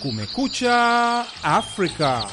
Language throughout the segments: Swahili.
Kumekucha Afrika.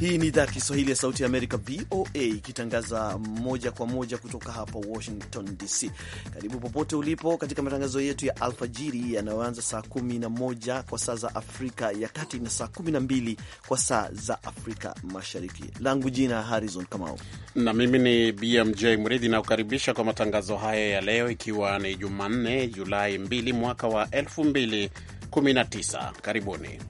Hii ni idhaa ya Kiswahili ya Sauti ya Amerika, VOA, ikitangaza moja kwa moja kutoka hapa Washington DC. Karibu popote ulipo katika matangazo yetu ya alfajiri yanayoanza saa 11 kwa saa za Afrika ya Kati na saa 12 kwa saa za Afrika Mashariki. Langu jina Harrison Kamau na mimi ni BMJ Mridhi, nakukaribisha kwa matangazo haya ya leo, ikiwa ni Jumanne Julai 2 mwaka wa 2019. Karibuni.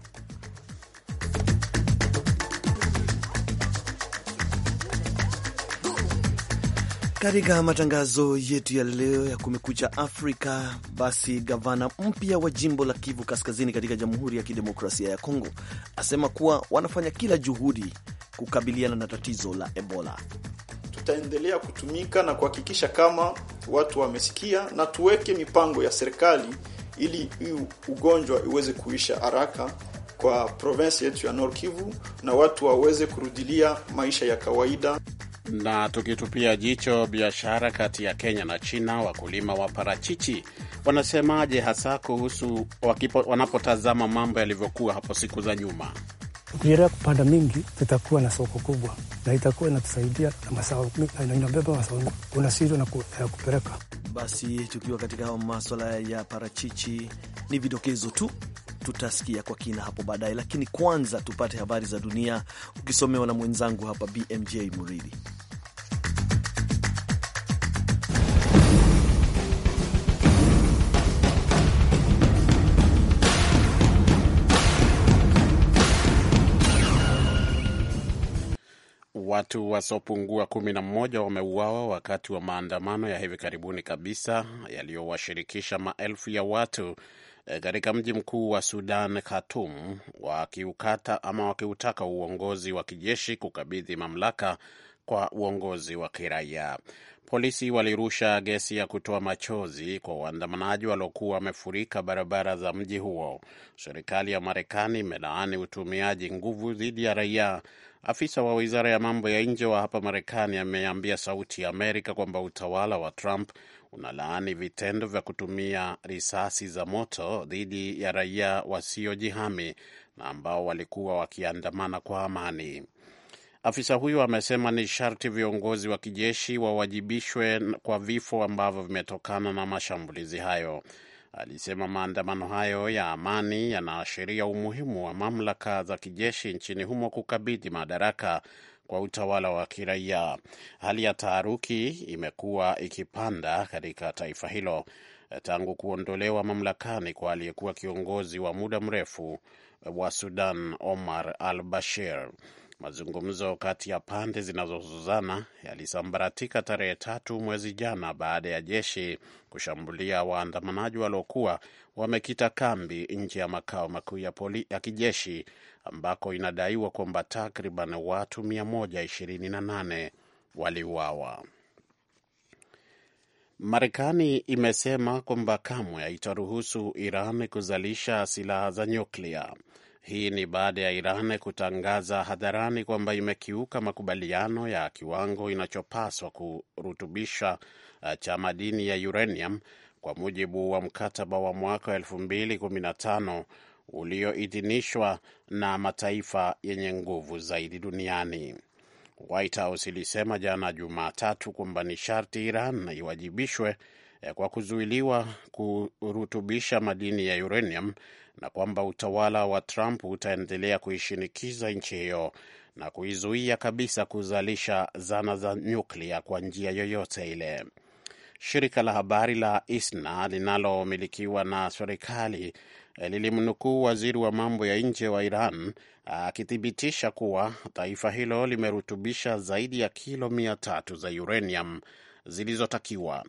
Katika matangazo yetu ya leo ya Kumekucha Afrika, basi gavana mpya wa jimbo la Kivu Kaskazini katika Jamhuri ya Kidemokrasia ya Kongo asema kuwa wanafanya kila juhudi kukabiliana na tatizo la Ebola. Tutaendelea kutumika na kuhakikisha kama watu wamesikia, na tuweke mipango ya serikali ili ugonjwa iweze kuisha haraka kwa provensi yetu ya Nord Kivu na watu waweze kurudilia maisha ya kawaida. Na tukitupia jicho biashara kati ya Kenya na China, wakulima wa parachichi wanasemaje hasa kuhusu wanapotazama mambo yalivyokuwa hapo siku za nyuma? Tukiendelea kupanda mingi, tutakuwa na soko kubwa na itakuwa inatusaidia na masao, inabeba masao kuna siri na kupeleka. Basi tukiwa katika maswala ya parachichi, ni vidokezo tu tutasikia kwa kina hapo baadaye, lakini kwanza tupate habari za dunia ukisomewa na mwenzangu hapa BMJ Muridi. Watu wasiopungua kumi na mmoja wameuawa wakati wa maandamano ya hivi karibuni kabisa yaliyowashirikisha maelfu ya watu eh, katika mji mkuu wa Sudan, Khartoum, wakiukata ama wakiutaka uongozi wa kijeshi kukabidhi mamlaka kwa uongozi wa kiraia. Polisi walirusha gesi ya kutoa machozi kwa waandamanaji waliokuwa wamefurika barabara za mji huo. Serikali ya Marekani imelaani utumiaji nguvu dhidi ya raia Afisa wa wizara ya mambo ya nje wa hapa Marekani ameambia Sauti ya Amerika kwamba utawala wa Trump unalaani vitendo vya kutumia risasi za moto dhidi ya raia wasiojihami na ambao walikuwa wakiandamana kwa amani. Afisa huyo amesema ni sharti viongozi wa kijeshi wawajibishwe kwa vifo ambavyo vimetokana na mashambulizi hayo alisema maandamano hayo ya amani yanaashiria umuhimu wa mamlaka za kijeshi nchini humo kukabidhi madaraka kwa utawala wa kiraia. Hali ya taharuki imekuwa ikipanda katika taifa hilo eh, tangu kuondolewa mamlakani kwa aliyekuwa kiongozi wa muda mrefu eh, wa Sudan Omar al Bashir. Mazungumzo kati ya pande zinazozuzana yalisambaratika tarehe tatu mwezi jana baada ya jeshi kushambulia waandamanaji waliokuwa wamekita kambi nje ya makao makuu ya, ya kijeshi ambako inadaiwa kwamba takriban watu 128 waliuawa. Marekani imesema kwamba kamwe haitaruhusu Iran kuzalisha silaha za nyuklia. Hii ni baada ya Iran kutangaza hadharani kwamba imekiuka makubaliano ya kiwango inachopaswa kurutubisha uh, cha madini ya uranium kwa mujibu wa mkataba wa mwaka 2015 ulioidhinishwa na mataifa yenye nguvu zaidi duniani. White House ilisema jana Jumatatu kwamba ni sharti Iran iwajibishwe Eh, kwa kuzuiliwa kurutubisha madini ya uranium na kwamba utawala wa Trump utaendelea kuishinikiza nchi hiyo na kuizuia kabisa kuzalisha zana za nyuklia kwa njia yoyote ile. Shirika la habari la ISNA linalomilikiwa na serikali eh, lilimnukuu waziri wa mambo ya nje wa Iran ah, akithibitisha kuwa taifa hilo limerutubisha zaidi ya kilo mia tatu za uranium zilizotakiwa.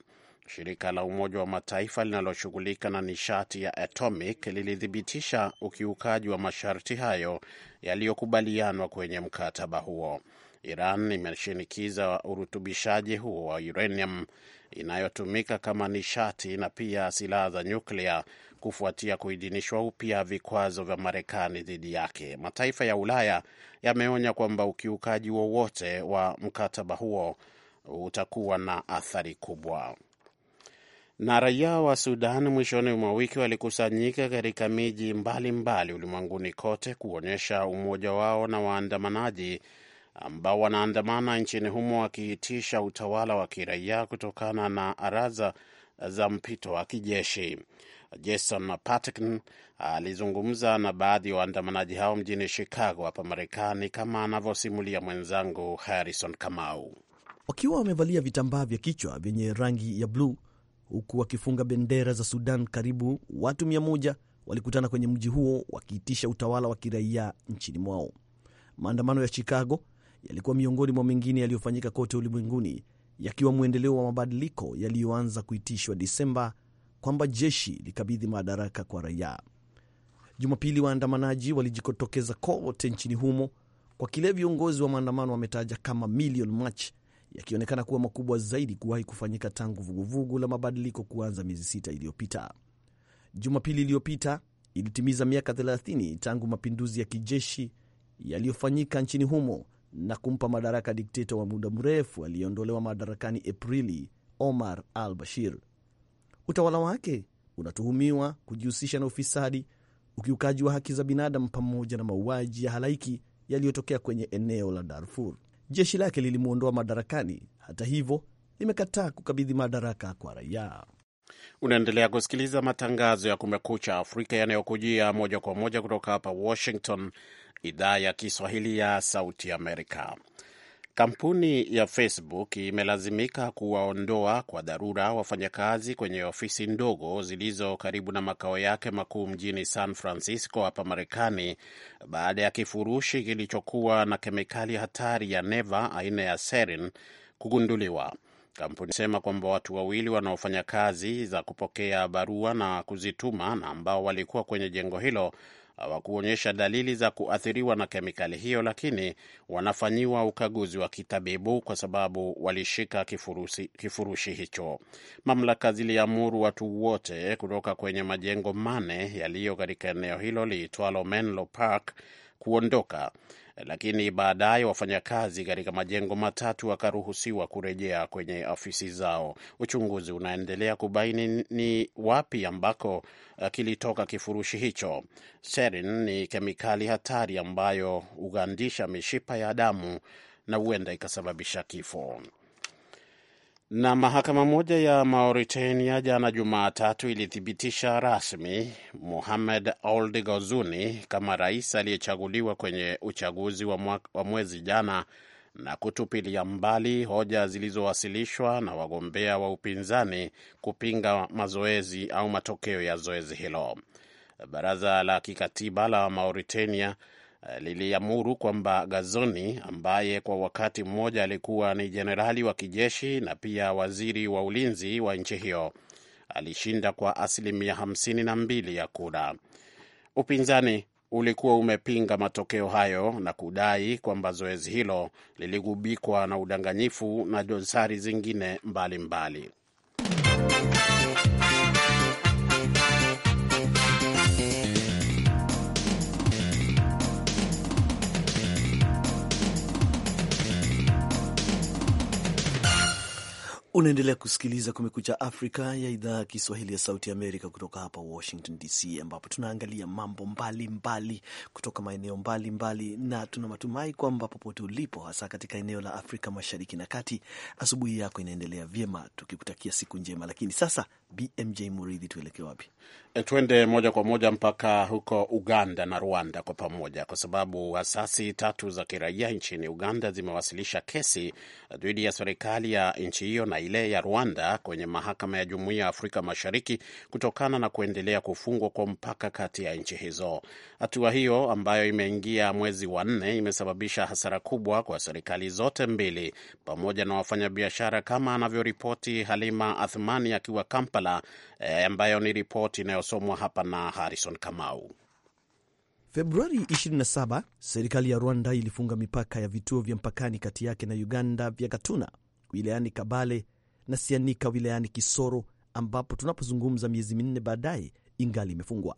Shirika la Umoja wa Mataifa linaloshughulika na nishati ya atomic lilithibitisha ukiukaji wa masharti hayo yaliyokubalianwa kwenye mkataba huo. Iran imeshinikiza urutubishaji huo wa uranium inayotumika kama nishati na pia silaha za nyuklia kufuatia kuidhinishwa upya vikwazo vya Marekani dhidi yake. Mataifa ya Ulaya yameonya kwamba ukiukaji wowote wa mkataba huo utakuwa na athari kubwa. Na raia wa Sudan mwishoni mwa wiki walikusanyika katika miji mbalimbali ulimwenguni kote kuonyesha umoja wao na waandamanaji ambao wanaandamana nchini humo wakiitisha utawala wa kiraia kutokana na araza za mpito wa kijeshi. Jason Patkin alizungumza na baadhi ya waandamanaji hao mjini Chicago hapa Marekani, kama anavyosimulia mwenzangu Harrison Kamau. Wakiwa wamevalia vitambaa vya kichwa vyenye rangi ya bluu, huku wakifunga bendera za Sudan. Karibu watu mia moja walikutana kwenye mji huo wakiitisha utawala wa kiraia nchini mwao. Maandamano ya Chicago yalikuwa miongoni mwa mengine yaliyofanyika kote ulimwenguni, yakiwa mwendeleo wa mabadiliko yaliyoanza kuitishwa Desemba kwamba jeshi likabidhi madaraka kwa raia. Jumapili, waandamanaji walijitokeza kote nchini humo kwa kile viongozi wa maandamano wametaja kama Million March yakionekana kuwa makubwa zaidi kuwahi kufanyika tangu vuguvugu la mabadiliko kuanza miezi sita iliyopita. Jumapili iliyopita ilitimiza miaka 30 tangu mapinduzi ya kijeshi yaliyofanyika nchini humo na kumpa madaraka dikteta wa muda mrefu aliyeondolewa madarakani Aprili, Omar al Bashir. Utawala wake unatuhumiwa kujihusisha na ufisadi, ukiukaji wa haki za binadamu pamoja na mauaji ya halaiki yaliyotokea kwenye eneo la Darfur jeshi lake lilimwondoa madarakani. Hata hivyo, limekataa kukabidhi madaraka kwa raia. Unaendelea kusikiliza matangazo ya Kumekucha Afrika yanayokujia moja kwa moja kutoka hapa Washington, idhaa ya Kiswahili ya Sauti Amerika. Kampuni ya Facebook imelazimika kuwaondoa kwa dharura wafanyakazi kwenye ofisi ndogo zilizo karibu na makao yake makuu mjini San Francisco hapa Marekani baada ya kifurushi kilichokuwa na kemikali hatari ya neva aina ya sarin kugunduliwa. Kampuni sema kwamba watu wawili wanaofanya kazi za kupokea barua na kuzituma na ambao walikuwa kwenye jengo hilo hawakuonyesha dalili za kuathiriwa na kemikali hiyo, lakini wanafanyiwa ukaguzi wa kitabibu kwa sababu walishika kifurushi, kifurushi hicho. Mamlaka ziliamuru watu wote kutoka kwenye majengo mane yaliyo katika eneo hilo liitwalo Menlo Park kuondoka, lakini baadaye wafanyakazi katika majengo matatu wakaruhusiwa kurejea kwenye ofisi zao. Uchunguzi unaendelea kubaini ni wapi ambako eh, kilitoka kifurushi hicho. Serin ni kemikali hatari ambayo hugandisha mishipa ya damu na huenda ikasababisha kifo. Na mahakama moja ya Mauritania jana Jumatatu ilithibitisha rasmi Mohamed Ould Ghazouani kama rais aliyechaguliwa kwenye uchaguzi wa, mwa, wa mwezi jana na kutupilia mbali hoja zilizowasilishwa na wagombea wa upinzani kupinga mazoezi au matokeo ya zoezi hilo. Baraza la kikatiba la Mauritania Eh, liliamuru kwamba Gazoni ambaye kwa wakati mmoja alikuwa ni jenerali wa kijeshi na pia waziri wa ulinzi wa nchi hiyo alishinda kwa asilimia hamsini na mbili ya kura. Upinzani ulikuwa umepinga matokeo hayo na kudai kwamba zoezi hilo liligubikwa na udanganyifu na dosari zingine mbalimbali mbali. Unaendelea kusikiliza Kumekucha Afrika ya idhaa ya Kiswahili ya Sauti Amerika kutoka hapa Washington DC, ambapo tunaangalia mambo mbalimbali mbali, kutoka maeneo mbalimbali mbali, na tuna matumai kwamba popote ulipo, hasa katika eneo la Afrika Mashariki na Kati, asubuhi yako inaendelea vyema, tukikutakia siku njema. Lakini sasa, BMJ Muridhi, tuelekee wapi? Eh, Tuende moja kwa moja mpaka huko Uganda na Rwanda kwa pamoja, kwa sababu asasi tatu za kiraia nchini Uganda zimewasilisha kesi dhidi ya serikali ya nchi hiyo na ile ya Rwanda kwenye mahakama ya Jumuiya ya Afrika Mashariki kutokana na kuendelea kufungwa kwa mpaka kati ya nchi hizo. Hatua hiyo ambayo imeingia mwezi wa nne imesababisha hasara kubwa kwa serikali zote mbili pamoja na wafanyabiashara, kama anavyoripoti Halima Athmani akiwa Kampala, eh, ambayo ni ripoti inayo yanayosomwa hapa na Harrison Kamau. Februari 27 serikali ya Rwanda ilifunga mipaka ya vituo vya mpakani kati yake na Uganda vya Gatuna wilayani Kabale na Sianika wilayani Kisoro, ambapo tunapozungumza miezi minne baadaye ingali imefungwa.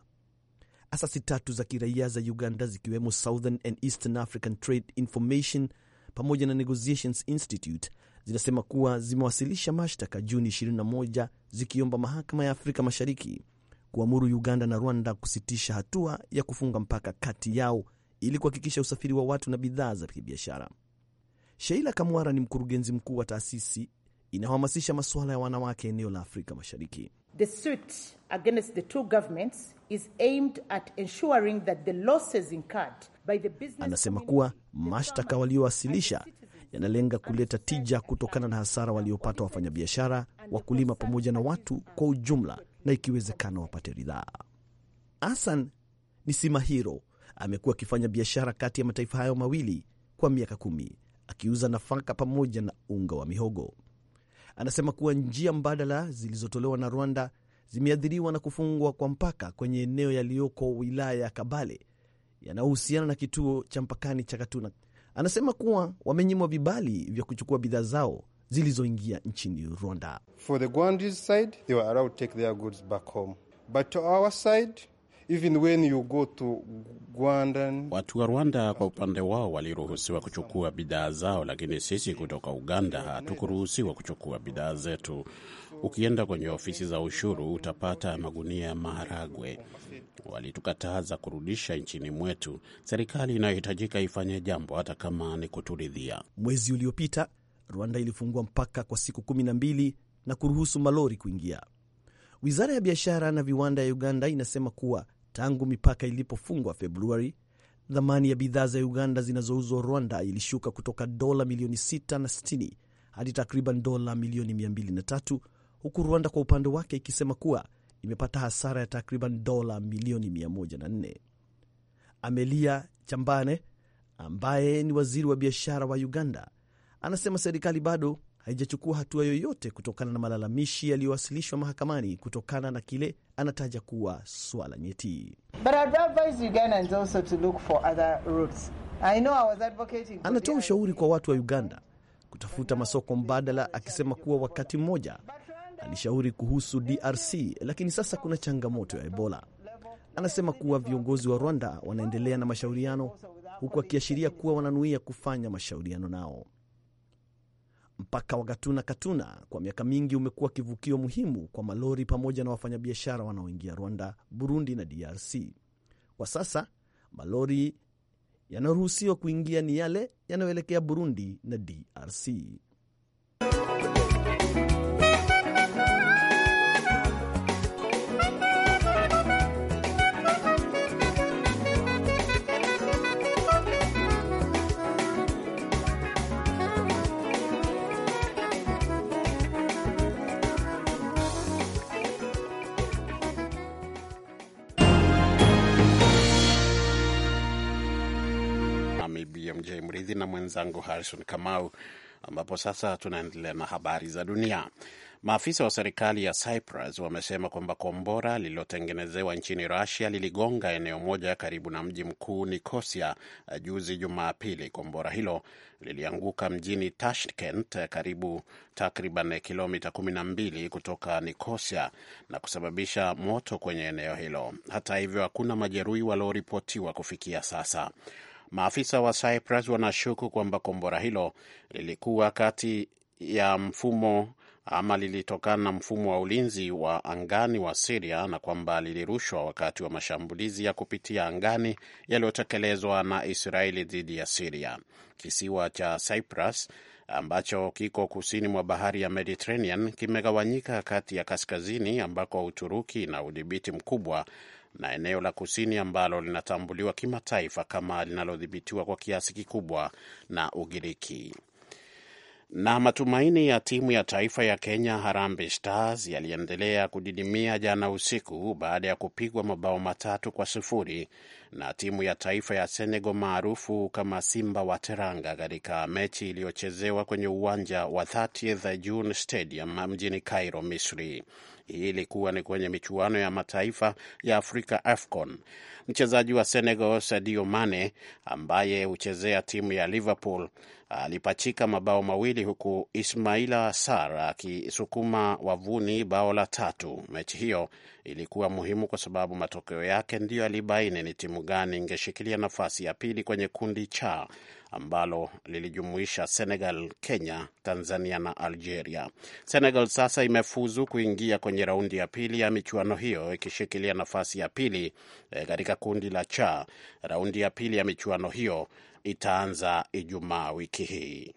Asasi tatu za kiraia za Uganda zikiwemo Southern and Eastern African Trade Information pamoja na Negotiations Institute zinasema kuwa zimewasilisha mashtaka Juni 21 zikiomba mahakama ya Afrika Mashariki kuamuru Uganda na Rwanda kusitisha hatua ya kufunga mpaka kati yao ili kuhakikisha usafiri wa watu na bidhaa za kibiashara. Sheila Kamwara ni mkurugenzi mkuu wa taasisi inayohamasisha masuala ya wanawake eneo la Afrika Mashariki. The suit against the two governments is aimed at ensuring that the losses incurred by the business. Anasema kuwa mashtaka waliowasilisha yanalenga kuleta tija kutokana na hasara waliopata wafanyabiashara, wakulima pamoja na watu kwa ujumla na ikiwezekana wapate ridhaa. Asan Nisimahiro amekuwa akifanya biashara kati ya mataifa hayo mawili kwa miaka kumi, akiuza nafaka pamoja na unga wa mihogo. Anasema kuwa njia mbadala zilizotolewa na Rwanda zimeathiriwa na kufungwa kwa mpaka kwenye eneo yaliyoko wilaya ya Kabale yanayohusiana na kituo cha mpakani cha Katuna. Anasema kuwa wamenyimwa vibali vya kuchukua bidhaa zao zilizoingia nchini Rwanda. For the side, they were allowed to take their goods back home. But to our side, even when you go to watu wa Rwanda kwa upande wao waliruhusiwa kuchukua bidhaa zao, lakini sisi kutoka Uganda hatukuruhusiwa kuchukua bidhaa zetu. Ukienda kwenye ofisi za ushuru utapata magunia ya maharagwe. Walitukataza kurudisha nchini mwetu. Serikali inayohitajika ifanye jambo, hata kama ni kuturidhia. Mwezi uliopita Rwanda ilifungua mpaka kwa siku 12 na mbili na kuruhusu malori kuingia. Wizara ya biashara na viwanda ya Uganda inasema kuwa tangu mipaka ilipofungwa Februari, thamani ya bidhaa za Uganda zinazouzwa Rwanda ilishuka kutoka dola milioni 660 hadi takriban dola milioni 203, huku Rwanda kwa upande wake ikisema kuwa imepata hasara ya takriban dola milioni 104. Amelia Chambane ambaye ni waziri wa biashara wa Uganda anasema serikali bado haijachukua hatua yoyote kutokana na malalamishi yaliyowasilishwa mahakamani kutokana na kile anataja kuwa swala nyeti. Anatoa ushauri kwa watu wa Uganda kutafuta masoko mbadala, akisema kuwa wakati mmoja alishauri kuhusu DRC, lakini sasa kuna changamoto ya Ebola. Anasema kuwa viongozi wa Rwanda wanaendelea na mashauriano, huku akiashiria kuwa wananuia kufanya mashauriano nao. Mpaka wa Gatuna Katuna kwa miaka mingi umekuwa kivukio muhimu kwa malori pamoja na wafanyabiashara wanaoingia Rwanda, Burundi na DRC. Kwa sasa malori yanayoruhusiwa kuingia ni yale yanayoelekea Burundi na DRC. Mridhi na mwenzangu Harrison Kamau, ambapo sasa tunaendelea na habari za dunia. Maafisa wa serikali ya Cyprus wamesema kwamba kombora lililotengenezewa nchini Russia liligonga eneo moja karibu na mji mkuu Nikosia eh, juzi Jumapili. Kombora hilo lilianguka mjini Tashkent, eh, karibu takriban kilomita 12 kutoka Nikosia na kusababisha moto kwenye eneo hilo. Hata hivyo, hakuna majeruhi walioripotiwa kufikia sasa. Maafisa wa Cyprus wanashuku kwamba kombora hilo lilikuwa kati ya mfumo ama lilitokana na mfumo wa ulinzi wa angani wa Siria na kwamba lilirushwa wakati wa mashambulizi ya kupitia angani yaliyotekelezwa na Israeli dhidi ya Siria. Kisiwa cha Cyprus ambacho kiko kusini mwa bahari ya Mediterranean kimegawanyika kati ya kaskazini ambako Uturuki na udhibiti mkubwa na eneo la kusini ambalo linatambuliwa kimataifa kama linalodhibitiwa kwa kiasi kikubwa na Ugiriki. Na matumaini ya timu ya taifa ya Kenya Harambee Stars yaliendelea kudidimia jana usiku baada ya kupigwa mabao matatu kwa sifuri na timu ya taifa ya Senegal maarufu kama Simba wa Teranga katika mechi iliyochezewa kwenye uwanja wa 30th June Stadium mjini Cairo, Misri. Hii ilikuwa ni kwenye michuano ya mataifa ya Afrika, AFCON. Mchezaji wa Senegal Sadio Mane ambaye huchezea timu ya Liverpool alipachika mabao mawili huku Ismaila Sar akisukuma wavuni bao la tatu. Mechi hiyo ilikuwa muhimu kwa sababu matokeo yake ndiyo yalibaini ni timu gani ingeshikilia nafasi ya pili kwenye kundi cha ambalo lilijumuisha Senegal, Kenya, Tanzania na Algeria. Senegal sasa imefuzu kuingia kwenye raundi ya pili ya michuano hiyo ikishikilia nafasi ya pili eh, katika kundi la cha. Raundi ya pili ya michuano hiyo itaanza Ijumaa wiki hii.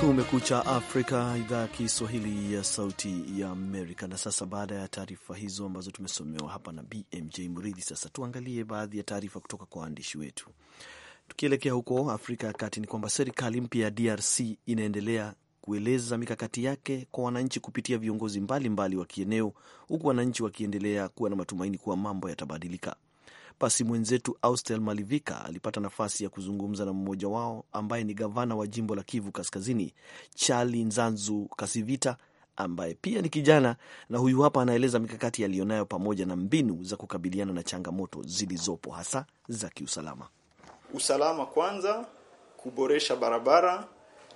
Kumekucha Afrika, idhaa ya Kiswahili ya Sauti ya Amerika. Na sasa baada ya taarifa hizo ambazo tumesomewa hapa na BMJ Mridhi, sasa tuangalie baadhi ya taarifa kutoka kwa waandishi wetu. Tukielekea huko Afrika ya Kati, ni kwamba serikali mpya ya DRC inaendelea kueleza mikakati yake kwa wananchi kupitia viongozi mbalimbali wa kieneo, huku wananchi wakiendelea kuwa na matumaini kuwa mambo yatabadilika. Basi mwenzetu Austel Malivika alipata nafasi ya kuzungumza na mmoja wao ambaye ni gavana wa jimbo la Kivu Kaskazini, Charli Nzanzu Kasivita, ambaye pia ni kijana, na huyu hapa anaeleza mikakati yaliyonayo pamoja na mbinu za kukabiliana na changamoto zilizopo hasa za kiusalama usalama kwanza, kuboresha barabara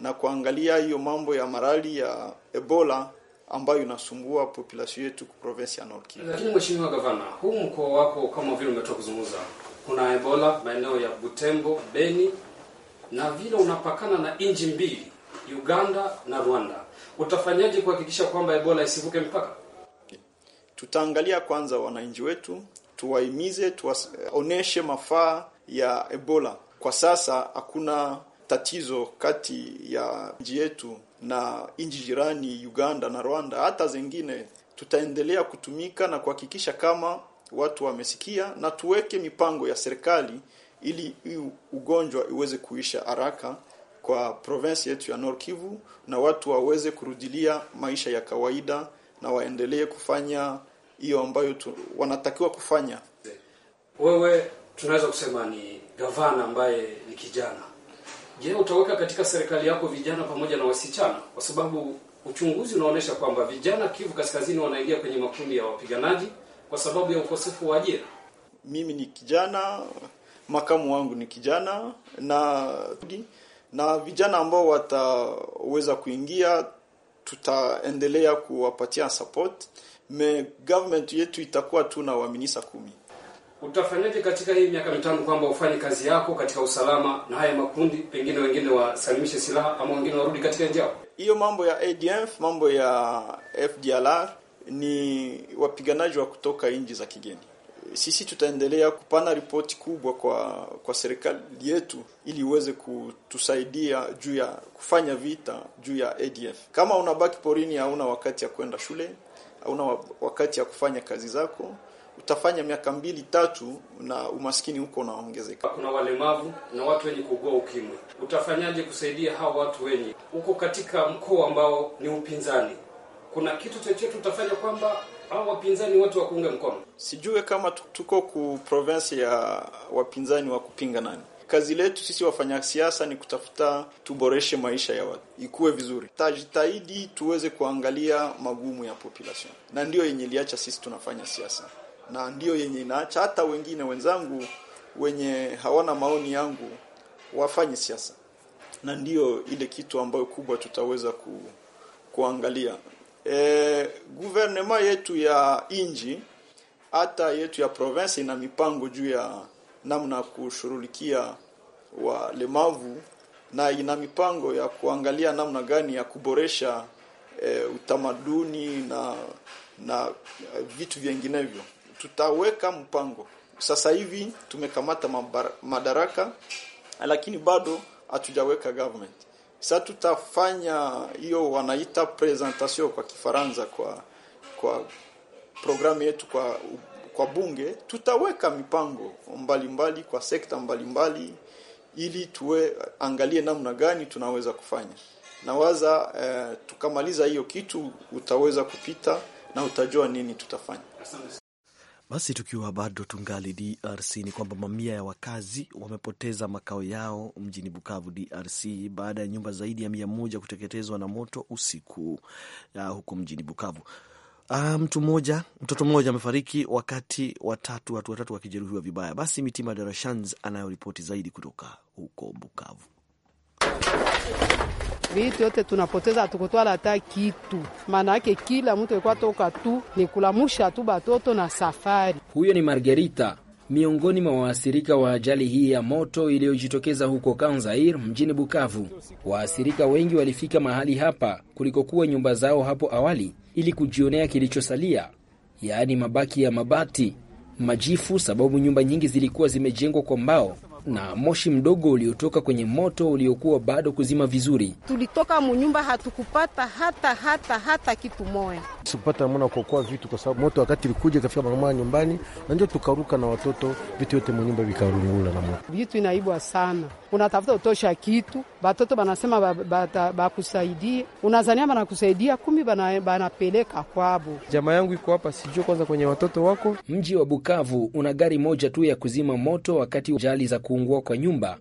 na kuangalia hiyo mambo ya marali ya Ebola ambayo inasumbua population yetu ku province ya North Kivu. Lakini mheshimiwa gavana, huu mkoa wako kama vile umetoka kuzungumza, kuna Ebola maeneo ya Butembo, Beni na vile unapakana na nchi mbili Uganda na Rwanda. Utafanyaje kuhakikisha kwamba Ebola isivuke mpaka? Okay. Tutaangalia kwanza wananchi wetu, tuwahimize, tuwaoneshe mafaa ya Ebola. Kwa sasa hakuna tatizo kati ya nchi yetu na nchi jirani Uganda na Rwanda, hata zingine. Tutaendelea kutumika na kuhakikisha kama watu wamesikia na tuweke mipango ya serikali ili ugonjwa iweze kuisha haraka kwa province yetu ya North Kivu na watu waweze kurudilia maisha ya kawaida na waendelee kufanya hiyo ambayo tu, wanatakiwa kufanya. Wewe tunaweza kusema ni gavana ambaye ni kijana. Je, utaweka katika serikali yako vijana pamoja na wasichana? Kwa sababu uchunguzi unaonyesha kwamba vijana Kivu Kaskazini wanaingia kwenye makundi ya wapiganaji kwa sababu ya ukosefu wa ajira. Mimi ni kijana, makamu wangu ni kijana na na vijana ambao wataweza kuingia tutaendelea kuwapatia support me government yetu itakuwa tu na waminisa kumi utafanyaje katika hii miaka mitano kwamba ufanye kazi yako katika usalama na haya makundi, pengine wengine wasalimishe silaha ama wengine warudi katika nchi yao? Hiyo mambo ya ADF, mambo ya FDLR ni wapiganaji wa kutoka nchi za kigeni. Sisi tutaendelea kupana ripoti kubwa kwa kwa serikali yetu ili iweze kutusaidia juu ya kufanya vita juu ya ADF. Kama unabaki porini, hauna wakati ya kwenda shule, hauna wakati ya kufanya kazi zako utafanya miaka mbili tatu na umaskini huko unaongezeka. Kuna walemavu na watu wenye kuugua ukimwi, utafanyaje kusaidia hao watu wenye huko katika mkoa ambao ni upinzani? Kuna kitu chochote utafanya kwamba au wapinzani wote wakuunge mkono? Sijue kama tuko ku ya wapinzani wa kupinga nani Kazi letu sisi wafanya siasa ni kutafuta tuboreshe maisha ya watu ikuwe vizuri, tajitahidi tuweze kuangalia magumu ya population, na ndiyo yenye liacha sisi tunafanya siasa na ndiyo yenye inaacha hata wengine wenzangu wenye hawana maoni yangu wafanye siasa, na ndiyo ile kitu ambayo kubwa tutaweza ku, kuangalia e, guvernema yetu ya inji hata yetu ya province ina mipango juu ya namna ya kushughulikia walemavu na ina mipango ya kuangalia namna gani ya kuboresha e, utamaduni na na vitu vinginevyo tutaweka mpango. Sasa hivi tumekamata madaraka lakini bado hatujaweka government. Sasa tutafanya hiyo wanaita presentation kwa Kifaransa kwa kwa programu yetu kwa kwa bunge tutaweka mipango mbalimbali mbali, kwa sekta mbalimbali mbali, ili tuwe angalie namna gani tunaweza kufanya. Nawaza eh, tukamaliza hiyo kitu utaweza kupita na utajua nini tutafanya. Asante. Basi tukiwa bado tungali DRC ni kwamba mamia ya wakazi wamepoteza makao yao mjini Bukavu, DRC baada ya nyumba zaidi ya mia moja kuteketezwa na moto usiku huko mjini Bukavu. Uh, mtu mmoja, mtoto mmoja amefariki wakati watatu, watu watatu wakijeruhiwa vibaya. Basi Mitima Darashans anayoripoti zaidi kutoka huko Bukavu vitu yote tunapoteza, hatukutwala hata kitu. Maana yake kila mtu alikuwa toka tu ni kulamusha tu batoto na safari. Huyo ni Margarita miongoni mwa waasirika wa ajali hii ya moto iliyojitokeza huko Kanzair mjini Bukavu. waasirika wengi walifika mahali hapa kulikokuwa nyumba zao hapo awali ili kujionea kilichosalia, yaani mabaki ya mabati, majifu, sababu nyumba nyingi zilikuwa zimejengwa kwa mbao na moshi mdogo uliotoka kwenye moto uliokuwa bado kuzima vizuri. Tulitoka munyumba hatukupata hata hata hata kitu moya, sikupata mwana kuokoa vitu kwa sababu moto wakati ilikuja ikafika mama nyumbani, na ndio tukaruka na watoto, vitu vyote munyumba vikarungula na moto. Vitu inaibwa sana, unatafuta utosha kitu, batoto banasema bakusaidie, ba, ba, ba, unazania banakusaidia kumi, banapeleka kwabo. Jamaa yangu iko hapa, sijui kwanza kwenye watoto wako. Mji wa Bukavu una gari moja tu ya kuzima moto wakati jali za ku kuungua kwa nyumba,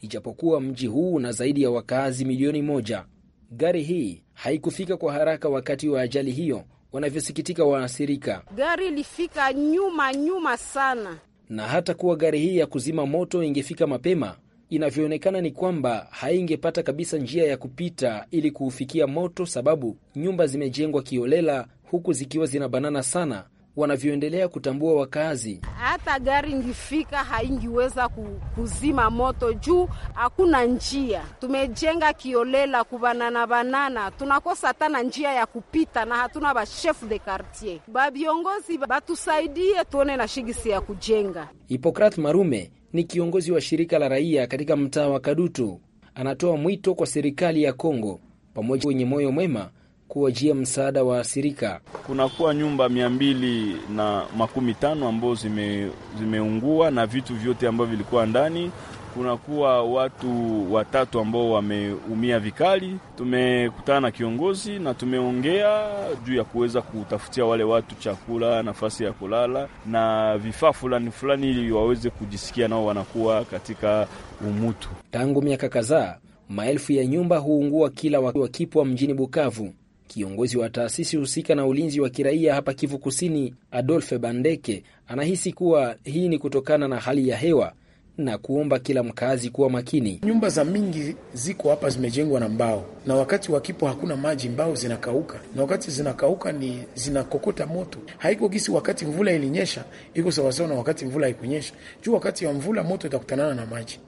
ijapokuwa mji huu una zaidi ya wakazi milioni moja. Gari hii haikufika kwa haraka wakati wa ajali hiyo, wanavyosikitika waathirika. Gari ilifika nyuma nyuma sana, na hata kuwa gari hii ya kuzima moto ingefika mapema, inavyoonekana ni kwamba haingepata kabisa njia ya kupita ili kuufikia moto, sababu nyumba zimejengwa kiolela, huku zikiwa zinabanana sana wanavyoendelea kutambua wakazi. Hata gari ingifika haingiweza kuzima moto juu hakuna njia. Tumejenga kiolela kubanana banana, tunakosa hata na njia ya kupita na hatuna bashefu de kartier. baviongozi batusaidie tuone na shigisi ya kujenga. Hipokrat Marume ni kiongozi wa shirika la raia katika mtaa wa Kadutu, anatoa mwito kwa serikali ya Kongo pamoja wenye moyo mwema kuwajia msaada wa asirika. Kunakuwa nyumba mia mbili na makumi tano ambao zime, zimeungua na vitu vyote ambavyo vilikuwa ndani kunakuwa watu watatu ambao wameumia vikali. Tumekutana na kiongozi na tumeongea juu ya kuweza kutafutia wale watu chakula, nafasi ya kulala na vifaa fulani fulani, ili waweze kujisikia nao wanakuwa katika umutu. Tangu miaka kadhaa, maelfu ya nyumba huungua kila wakipwa mjini Bukavu. Kiongozi wa taasisi husika na ulinzi wa kiraia hapa Kivu Kusini, adolfe Bandeke, anahisi kuwa hii ni kutokana na hali ya hewa na kuomba kila mkazi kuwa makini. Nyumba za mingi ziko hapa zimejengwa na mbao, na wakati wakipo hakuna maji, mbao zinakauka, na wakati zinakauka ni zinakokota moto. Haiko gisi wakati mvula ilinyesha iko sawasawa na wakati mvula haikunyesha, juu wakati wa mvula moto itakutanana na maji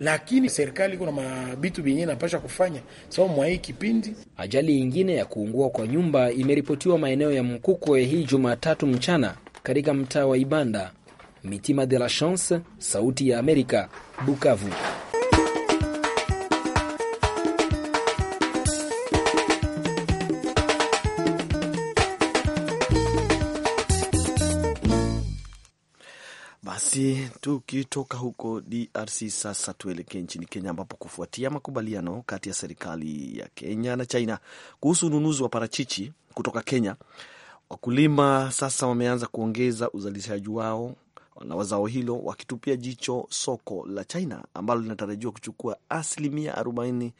lakini serikali kuna mabitu vyenyewe napasha kufanya sababu mwa hii kipindi. Ajali ingine ya kuungua kwa nyumba imeripotiwa maeneo ya Mkukwe hii Jumatatu mchana katika mtaa wa Ibanda. Mitima de la Chance, Sauti ya Amerika, Bukavu. Basi tukitoka huko DRC sasa tuelekee nchini Kenya, ambapo kufuatia makubaliano kati ya serikali ya Kenya na China kuhusu ununuzi wa parachichi kutoka Kenya, wakulima sasa wameanza kuongeza uzalishaji wao na wazao hilo, wakitupia jicho soko la China ambalo linatarajiwa kuchukua asilimia 40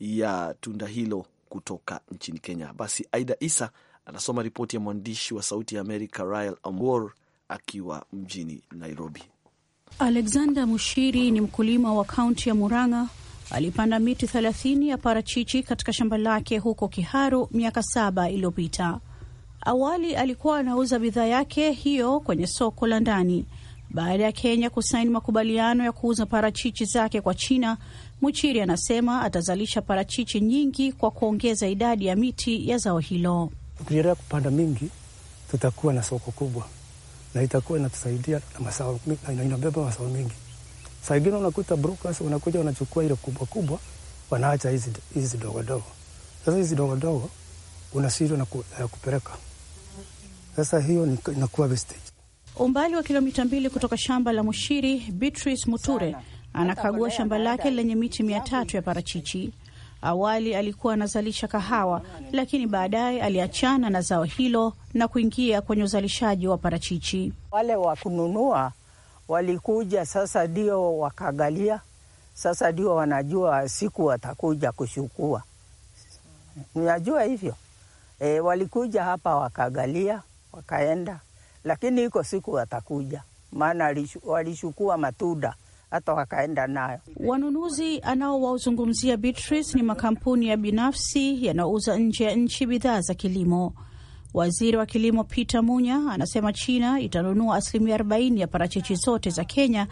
ya tunda hilo kutoka nchini Kenya. Basi Aida Isa anasoma ripoti ya mwandishi wa Sauti ya Amerika Rael Amor akiwa mjini Nairobi. Alexander Mushiri ni mkulima wa kaunti ya Murang'a. Alipanda miti 30 ya parachichi katika shamba lake huko Kiharu miaka saba iliyopita. Awali alikuwa anauza bidhaa yake hiyo kwenye soko la ndani. Baada ya Kenya kusaini makubaliano ya kuuza parachichi zake kwa China, Muchiri anasema atazalisha parachichi nyingi kwa kuongeza idadi ya miti ya zao hilo. Tukiendelea kupanda mingi, tutakuwa na soko kubwa na itakuwa inatusaidia na masao, na inabeba masao mengi. Saa ingine unakuta brokers wanakuja wanachukua ile kubwa kubwa, wanaacha hizi hizi dogo dogo. Sasa hizi dogo dogo unasiri na ku, uh, kupeleka. Sasa hiyo inakuwa wastage. Umbali wa kilomita mbili kutoka shamba la Mushiri, Beatrice Muture anakagua shamba lake lenye miti mia tatu ya parachichi Awali alikuwa anazalisha kahawa, lakini baadaye aliachana na zao hilo na kuingia kwenye uzalishaji wa parachichi. Wale wa kununua walikuja sasa, ndio wakagalia, sasa ndio wanajua siku watakuja kushukua, unajua hivyo e, walikuja hapa wakagalia, wakaenda, lakini iko siku watakuja, maana walishukua matunda hata wakaenda nayo. Wanunuzi anaowazungumzia Beatrice ni makampuni ya binafsi yanayouza nje ya nchi bidhaa za kilimo. Waziri wa kilimo Peter Munya anasema China itanunua asilimia 40 ya parachichi zote za Kenya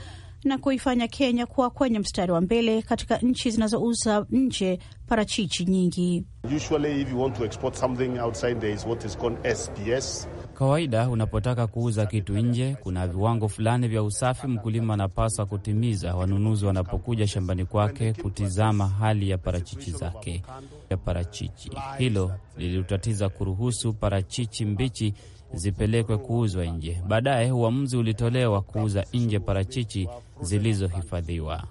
na kuifanya Kenya kuwa kwenye mstari wa mbele katika nchi zinazouza nje parachichi nyingi. Usually if you want to export something outside there is what is called SPS kawaida unapotaka kuuza kitu nje, kuna viwango fulani vya usafi mkulima anapaswa kutimiza wanunuzi wanapokuja shambani kwake kutizama hali ya parachichi zake ya parachichi. Hilo lilitatiza kuruhusu parachichi mbichi zipelekwe kuuzwa nje. Baadaye uamuzi ulitolewa kuuza nje parachichi zilizohifadhiwa.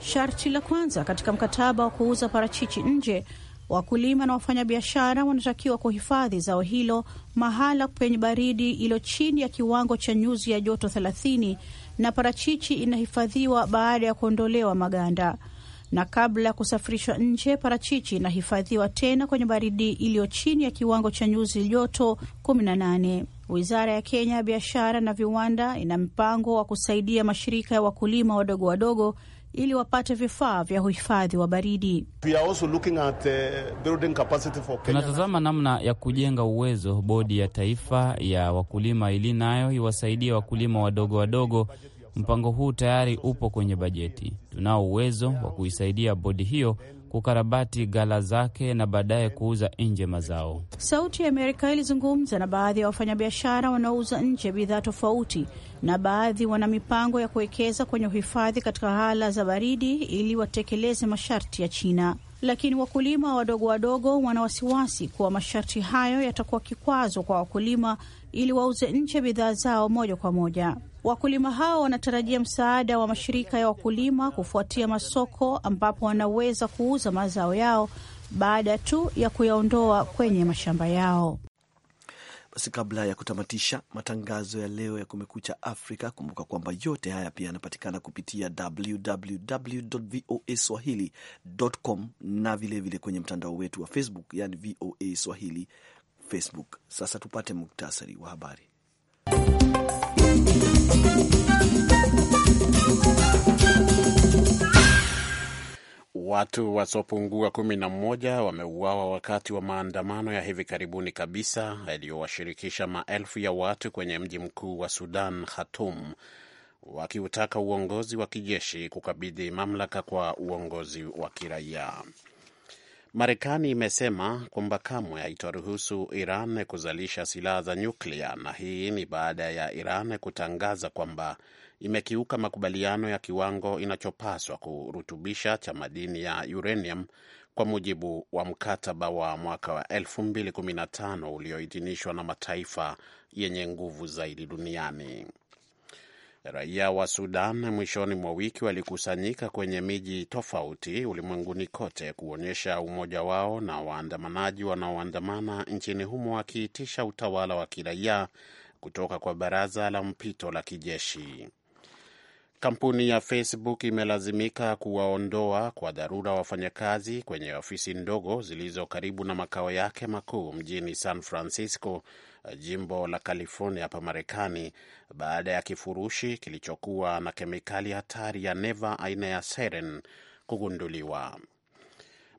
Sharti la kwanza katika mkataba wa kuuza parachichi nje Wakulima na wafanyabiashara wanatakiwa kuhifadhi zao hilo mahala penye baridi iliyo chini ya kiwango cha nyuzi ya joto 30, na parachichi inahifadhiwa baada ya kuondolewa maganda na kabla ya kusafirishwa nje, parachichi inahifadhiwa tena kwenye baridi iliyo chini ya kiwango cha nyuzi joto 18. Wizara ya Kenya ya biashara na viwanda ina mpango wa kusaidia mashirika ya wakulima wadogo wadogo ili wapate vifaa vya uhifadhi wa baridi. Uh, Tunatazama namna ya kujenga uwezo. Bodi ya taifa ya wakulima ili nayo iwasaidie wakulima wadogo wadogo. Mpango huu tayari upo kwenye bajeti. Tunao uwezo wa kuisaidia bodi hiyo kukarabati ghala zake na baadaye kuuza nje mazao. Sauti ya Amerika ilizungumza na baadhi ya wafanyabiashara wanaouza nje bidhaa tofauti, na baadhi wana mipango ya kuwekeza kwenye uhifadhi katika hala za baridi ili watekeleze masharti ya China. Lakini wakulima wadogo wadogo wana wasiwasi kuwa masharti hayo yatakuwa kikwazo kwa wakulima ili wauze nje bidhaa zao moja kwa moja. Wakulima hao wanatarajia msaada wa mashirika ya wakulima kufuatia masoko ambapo wanaweza kuuza mazao yao baada tu ya kuyaondoa kwenye mashamba yao. Basi kabla ya kutamatisha matangazo ya leo ya Kumekucha Afrika, kumbuka kwamba yote haya pia yanapatikana kupitia www.voaswahili.com na vilevile vile kwenye mtandao wetu wa Facebook, yani VOA Swahili Facebook. Sasa tupate muktasari wa habari. Watu wasiopungua kumi na mmoja wameuawa wakati wa maandamano ya hivi karibuni kabisa yaliyowashirikisha maelfu ya watu kwenye mji mkuu wa Sudan, Khartoum, wakiutaka uongozi wa kijeshi kukabidhi mamlaka kwa uongozi wa kiraia. Marekani imesema kwamba kamwe haitaruhusu Iran kuzalisha silaha za nyuklia, na hii ni baada ya Iran kutangaza kwamba imekiuka makubaliano ya kiwango inachopaswa kurutubisha cha madini ya uranium kwa mujibu wa mkataba wa mwaka wa 2015 ulioidhinishwa na mataifa yenye nguvu zaidi duniani. Raia wa Sudan mwishoni mwa wiki walikusanyika kwenye miji tofauti ulimwenguni kote kuonyesha umoja wao na waandamanaji wanaoandamana nchini humo wakiitisha utawala wa kiraia kutoka kwa baraza la mpito la kijeshi. Kampuni ya Facebook imelazimika kuwaondoa kwa dharura wafanyakazi kwenye ofisi ndogo zilizo karibu na makao yake makuu mjini San Francisco jimbo la California hapa Marekani baada ya kifurushi kilichokuwa na kemikali hatari ya neva aina ya seren kugunduliwa.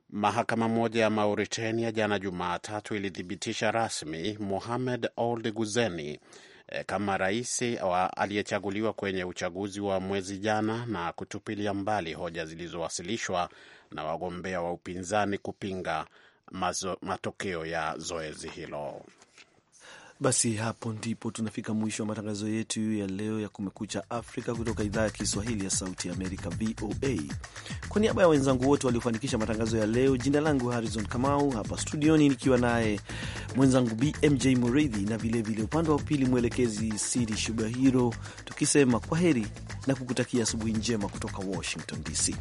Mahakama moja ya Mauritania jana Jumatatu ilithibitisha rasmi Mohamed Ould Guzeni eh, kama rais aliyechaguliwa kwenye uchaguzi wa mwezi jana na kutupilia mbali hoja zilizowasilishwa na wagombea wa upinzani kupinga mazo, matokeo ya zoezi hilo. Basi hapo ndipo tunafika mwisho wa matangazo yetu ya leo ya Kumekucha Afrika kutoka idhaa ya Kiswahili ya Sauti ya Amerika, VOA. Kwa niaba ya wenzangu wote waliofanikisha matangazo ya leo, jina langu Harrison Kamau, hapa studioni nikiwa naye mwenzangu BMJ Mureithi, na vilevile upande wa pili mwelekezi Sidi Shubahiro, tukisema kwa heri na kukutakia asubuhi njema kutoka Washington DC.